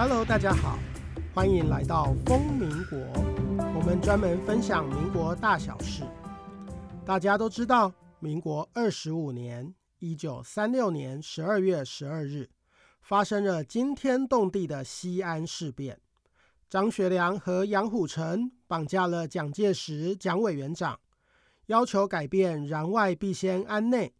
Hello，大家好，歡迎來到瘋民國。我們專門分享民國大小事。大家都知道，民國二十五年（一九三六年）十二月十二日，發生了驚天動地的西安事變。張學良和楊虎城綁架了蔣介石（蔣委員長），要求改變“攘外必先安內”，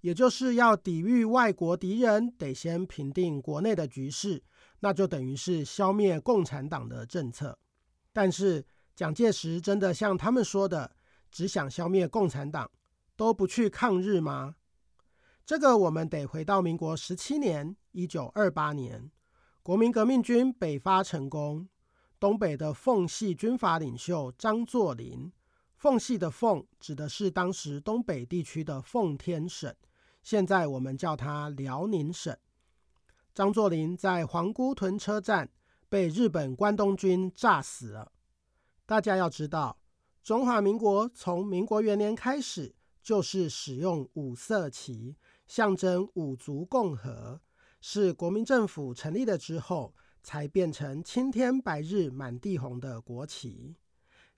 也就是要抵御外國敵人，得先平定國內的局勢。那就等於是消滅共產黨的政策，但是蔣介石真的像他們說的，只想消滅共產黨，都不去抗日嗎？這個我們得回到民國十七年（一九二八年），國民革命軍北伐成功，東北的奉系軍閥領袖張作霖。奉系的“奉”指的是當時東北地區的奉天省，現在我們叫它遼寧省。張作霖在皇姑屯車站被日本關東軍炸死了。大家要知道，中華民國從民國元年開始就是使用五色旗，象徵五族共和；是國民政府成立的之後，才變成青天白日滿地紅的國旗。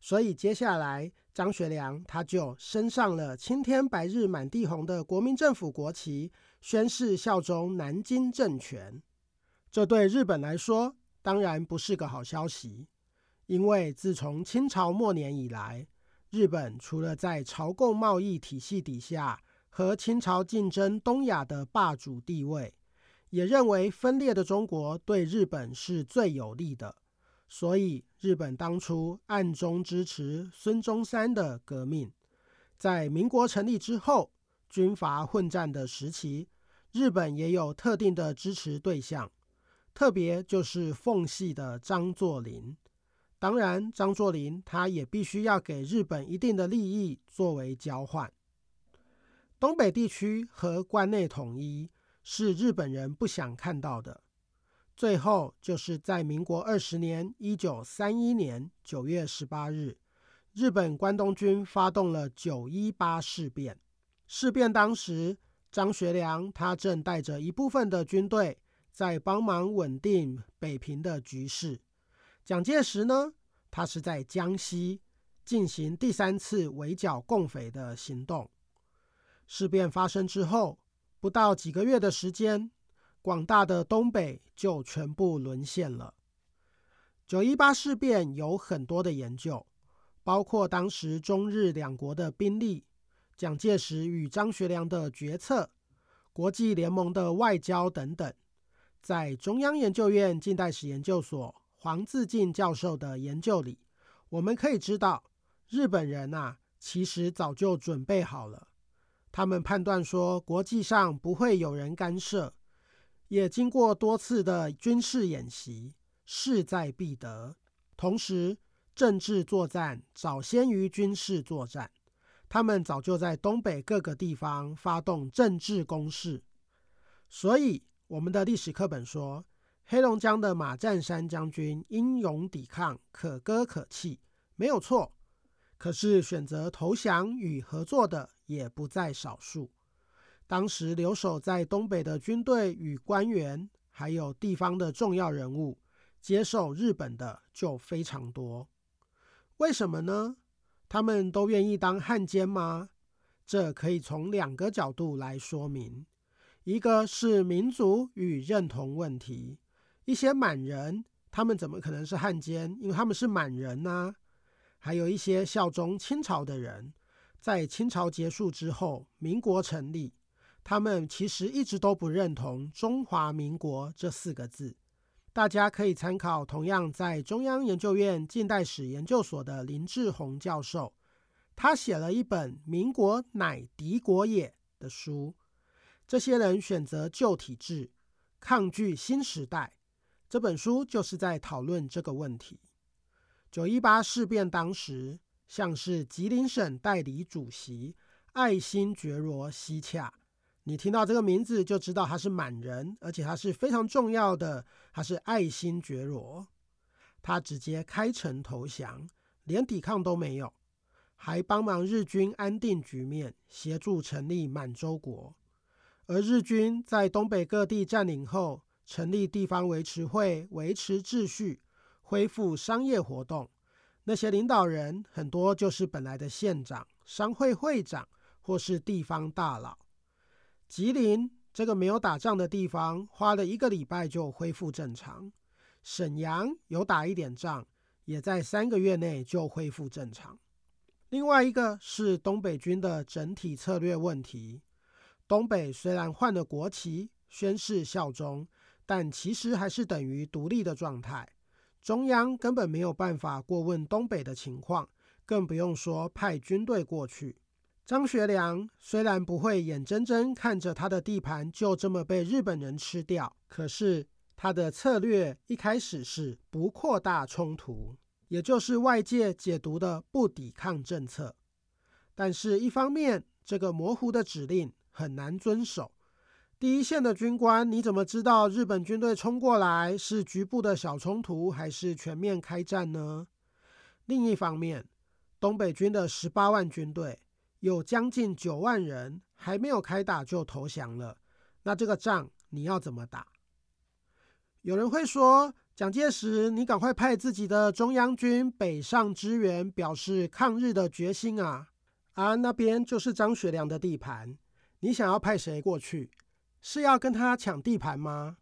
所以，接下來張學良他就升上了“青天白日滿地紅”的國民政府國旗，宣誓效忠南京政權。這對日本來說，當然不是個好消息，因為自從清朝末年以來，日本除了在朝貢貿易體系底下和清朝競爭東亞的霸主地位，也認為分裂的中國對日本是最有利的。所以，日本當初暗中支持孫中山的革命。在民國成立之後，軍閥混戰的時期，日本也有特定的支持對象，特別就是奉系的張作霖。當然，張作霖他也必須要給日本一定的利益作為交換。東北地區和關內統一是日本人不想看到的。最後就是在民國二十年（一九三一年）九月十八日，日本關東軍發動了九一八事變。事變當時，張學良他正帶着一部分的軍隊在幫忙穩定北平的局勢。蔣介石呢，他是在江西進行第三次圍剿共匪的行動。事變發生之後，不到幾個月的時間。廣大的東北就全部淪陷了。九一八事變有很多的研究，包括當時中日兩國的兵力、蔣介石與張學良的決策、國際聯盟的外交等等。在中央研究院近代史研究所黃自進教授的研究裡，我們可以知道，日本人吶，啊，其實早就準備好了。他們判斷說，國際上不會有人干涉。也經過多次的軍事演習，勢在必得。同時，政治作戰早先於軍事作戰，他們早就在東北各個地方發動政治攻勢。所以，我們的歷史課本說，黑龍江的馬占山將軍英勇抵抗，可歌可泣，沒有錯。可是，選擇投降與合作的也不在少數。當時留守在東北的軍隊與官員，還有地方的重要人物，接受日本的就非常多。為什麼呢？他們都願意當漢奸嗎？這可以從兩個角度來說明：一個是民族與認同問題。一些滿人，他們怎麼可能是漢奸？因為他們是滿人吶。還有一些效忠清朝的人，在清朝結束之後，民國成立。他們其實一直都不認同“中華民國”這四個字。大家可以參考同樣在中央研究院近代史研究所的林志宏教授，他寫了一本《民國乃敵國也》的書。這些人選擇舊體制，抗拒新時代。這本書就是在討論這個問題。九一八事變當時，像是吉林省代理主席愛新覺羅熙洽。你聽到這個名字就知道他是滿人，而且他是非常重要的，他是愛新覺羅。他直接開城投降，連抵抗都沒有，還幫忙日軍安定局面，協助成立滿洲國。而日軍在東北各地占領後，成立地方維持會，維持秩序，恢復商業活動。那些領導人很多就是本來的縣長、商會會長或是地方大佬。吉林這個沒有打仗的地方，花了一個禮拜就恢復正常。沈陽有打一點仗，也在三個月內就恢復正常。另外一個是東北軍的整體策略問題。東北雖然換了國旗，宣誓效忠，但其實還是等於獨立的狀態。中央根本沒有辦法過問東北的情況，更不用說派軍隊過去。張學良雖然不會眼睜睜看着他的地盤就這麼被日本人吃掉，可是他的策略一開始是不擴大衝突，也就是外界解讀的不抵抗政策。但是，一方面這個模糊的指令很難遵守，第一線的軍官，你怎麼知道日本軍隊衝過來是局部的小衝突還是全面開戰呢？另一方面，東北軍的十八萬軍隊，有將近九萬人還沒有開打就投降了，那這個仗你要怎麼打？有人會說，蔣介石，你趕快派自己的中央軍北上支援，表示抗日的決心啊！啊，那邊就是張學良的地盤，你想要派誰過去？是要跟他搶地盤嗎？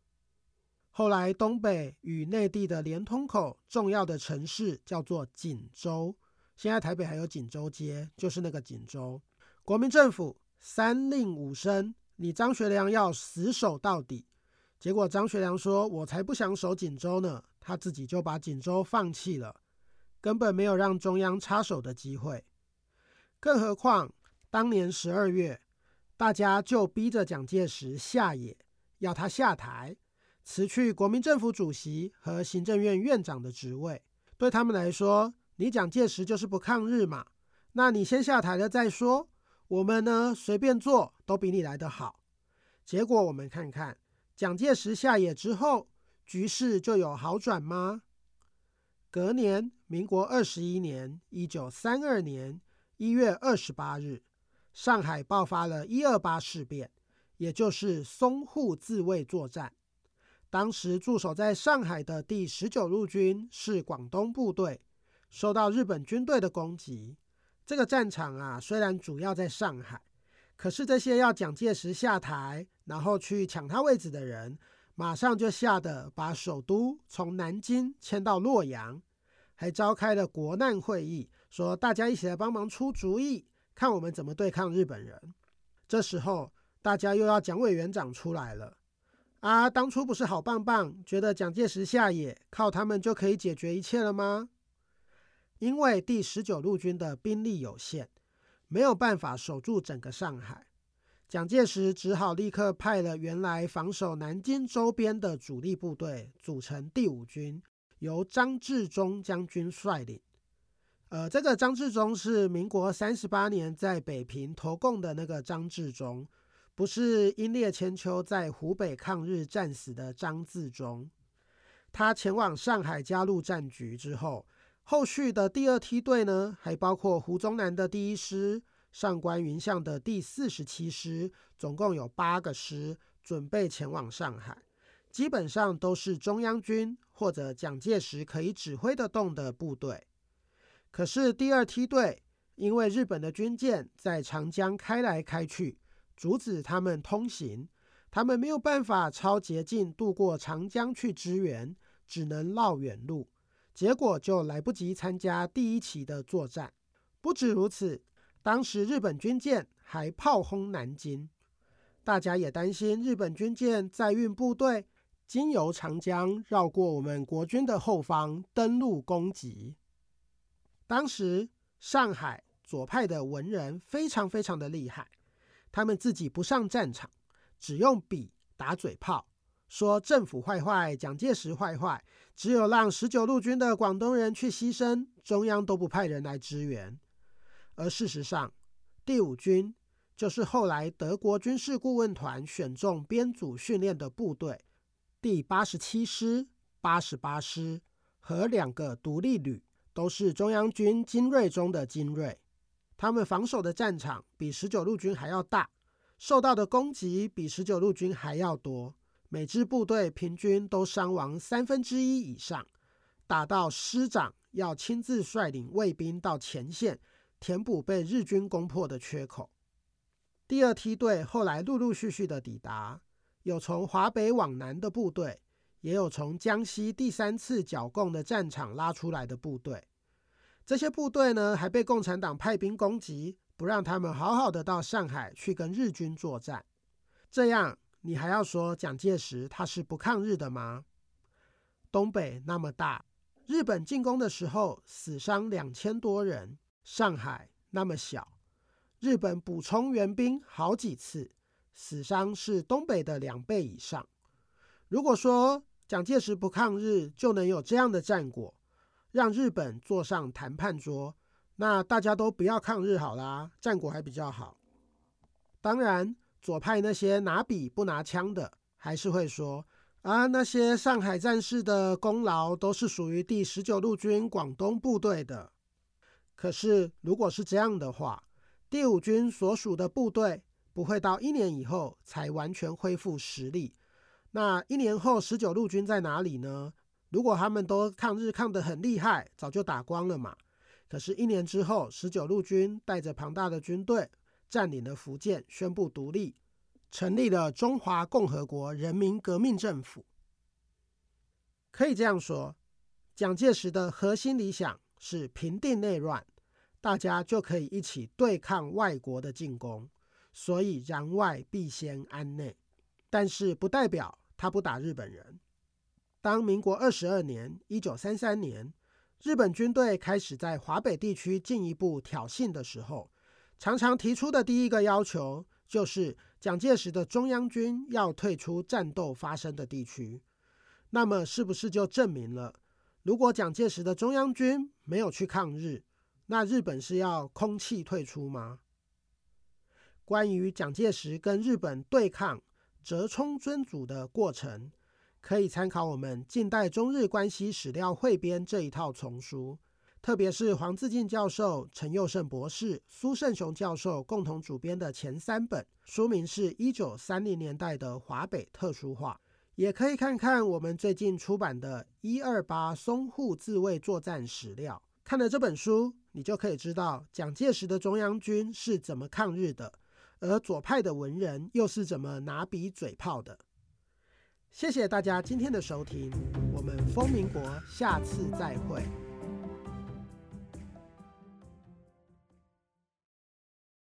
後來，東北與內地的連通口，重要的城市叫做錦州。現在台北還有錦州街，就是那個錦州。國民政府三令五申，你張學良要死守到底。結果張學良說：“我才不想守錦州呢！”他自己就把錦州放棄了，根本沒有讓中央插手的機會。更何況當年十二月，大家就逼着蔣介石下野，要他下台，辭去國民政府主席和行政院院長的職位。對他們來說，你蔣介石就是不抗日嘛？那你先下台了再說。我們呢，隨便做都比你來得好。結果我們看看，蔣介石下野之後，局勢就有好轉嗎？隔年，民國二十一年（一九三二年）一月二十八日，上海爆發了“一二八”事變，也就是淞滬自衛作戰。當時駐守在上海的第十九路軍是廣東部隊。受到日本軍隊的攻擊，這個戰場啊，雖然主要在上海，可是這些要蔣介石下台，然後去搶他位置的人，馬上就嚇得把首都從南京遷到洛陽，還召開了國難會議，說大家一起來幫忙出主意，看我們怎麼對抗日本人。這時候，大家又要蔣委員長出來了。啊，當初不是好棒棒，覺得蔣介石下野，靠他們就可以解決一切了嗎？因為第十九路軍的兵力有限，沒有辦法守住整個上海，蔣介石只好立刻派了原來防守南京周邊的主力部隊組成第五軍，由張治中將軍率領。呃，這個張治中是民國三十八年在北平投共的那個張治中，不是英烈千秋在湖北抗日戰死的張自忠。他前往上海加入戰局之後。後續的第二梯隊呢，還包括胡宗南的第一師、上官雲相的第四十七師，總共有八個師準備前往上海。基本上都是中央軍或者蔣介石可以指揮得動的部隊。可是第二梯隊因為日本的軍艦在長江開來開去，阻止他們通行，他們沒有辦法抄捷徑渡過長江去支援，只能繞遠路。結果就來不及參加第一期的作戰。不止如此，當時日本軍艦還炮轟南京，大家也擔心日本軍艦載運部隊經由長江繞過我們國軍的後方登陸攻擊。當時上海左派的文人非常非常的厲害，他們自己不上戰場，只用筆打嘴炮，說政府壞壞，蔣介石壞壞。只有讓十九路軍的廣東人去犧牲，中央都不派人來支援。而事實上，第五軍就是後來德國軍事顧問團選中編組訓練的部隊。第八十七師、八十八師和兩個獨立旅都是中央軍精銳中的精銳。他們防守的戰場比十九路軍還要大，受到的攻擊比十九路軍還要多。每支部隊平均都傷亡三分之一以上，打到師長要親自率領衛兵到前線填補被日軍攻破的缺口。第二梯隊後來陸陸續續的抵達，有從華北往南的部隊，也有從江西第三次剿共的戰場拉出來的部隊。這些部隊呢，還被共產黨派兵攻擊，不讓他們好好的到上海去跟日軍作戰，這樣。你還要說蔣介石他是不抗日的嗎？東北那麼大，日本進攻的時候死傷兩千多人；上海那麼小，日本補充援兵好幾次，死傷是東北的兩倍以上。如果說蔣介石不抗日就能有這樣的戰果，讓日本坐上談判桌，那大家都不要抗日好啦，戰果還比較好。當然，左派那些拿筆不拿槍的還是會說，啊，那些上海戰士的功勞都是屬於第十九路軍廣東部隊的。可是如果是這樣的話，第五軍所屬的部隊不會到一年以後才完全恢復實力。那一年後，十九路軍在哪裡呢？如果他們都抗日抗得很厲害，早就打光了嘛。可是，一年之後，十九路軍帶着龐大的軍隊。佔領了福建，宣布獨立，成立了中華共和國人民革命政府。可以這樣說，蔣介石的核心理想是平定內亂，大家就可以一起對抗外國的進攻，所以攘外必先安內。但是，不代表他不打日本人。當民國二十二年（一九三三年），日本軍隊開始在華北地區進一步挑釁的時候，常常提出的第一個要求就是，蔣介石的中央軍要退出戰鬥發生的地區。那麼，是不是就證明了，如果蔣介石的中央軍沒有去抗日，那日本是要空氣退出嗎？關於蔣介石跟日本對抗、折衝樽俎的過程，可以參考我們《近代中日關係史料彙編》這一套叢書。特別是黃自進教授、陳佑勝博士、蘇勝雄教授共同主編的前三本，書名是《一九三零年代的華北特殊化》，也可以看看我們最近出版的《一二八淞滬自衛作戰史料》。看了這本書，你就可以知道蔣介石的中央軍是怎麼抗日的，而左派的文人又是怎麼拿筆嘴炮的。謝謝大家今天的收聽，我們瘋民國下次再會。